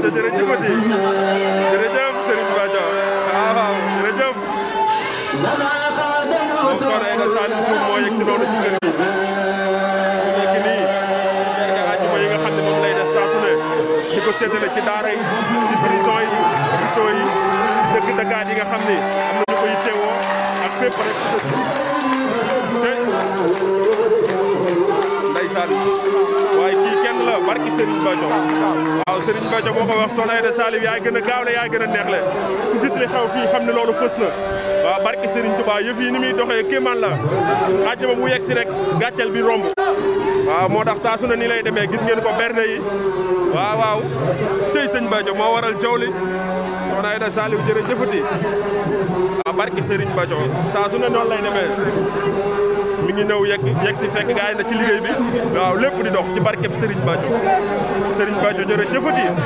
Bathio jërëjëfati jërëjëf Serigne Bathio ah, waaw waaw jërëjëf. moom soxna Aida Sane Diouf moo yegg si ci kër gi. yi nga di ko séddale ci daara yi ci prison nga xam ne am na ñu koy teewoo ak fépp rek te ndeysaan Serigne Badio waaw Serigne Badio moo ko wax soxna Aida Saliou yaay gën a gaaw le yaay gën a neex le ku gis li xew fii xam ne loolu fës na waaw barke Serigne Touba yëf yi ni muy doxee kéemaan la àjjuma bu yegg si rek gàcceel bi romb waaw moo tax saa su ne ni lay demee gis ngeen ko berne yi waaw waaw cëy sëñ Badio moo waral jawli soxna Aida Saliou jërëjëfati waaw barke Serigne Badio saa ne noonu lay demee ñu ñëw yegg yegg si fekk gaay na ci liggéey bi waaw lépp di dox ci barkeb Serigne Badio Serigne Badio jërëjëfati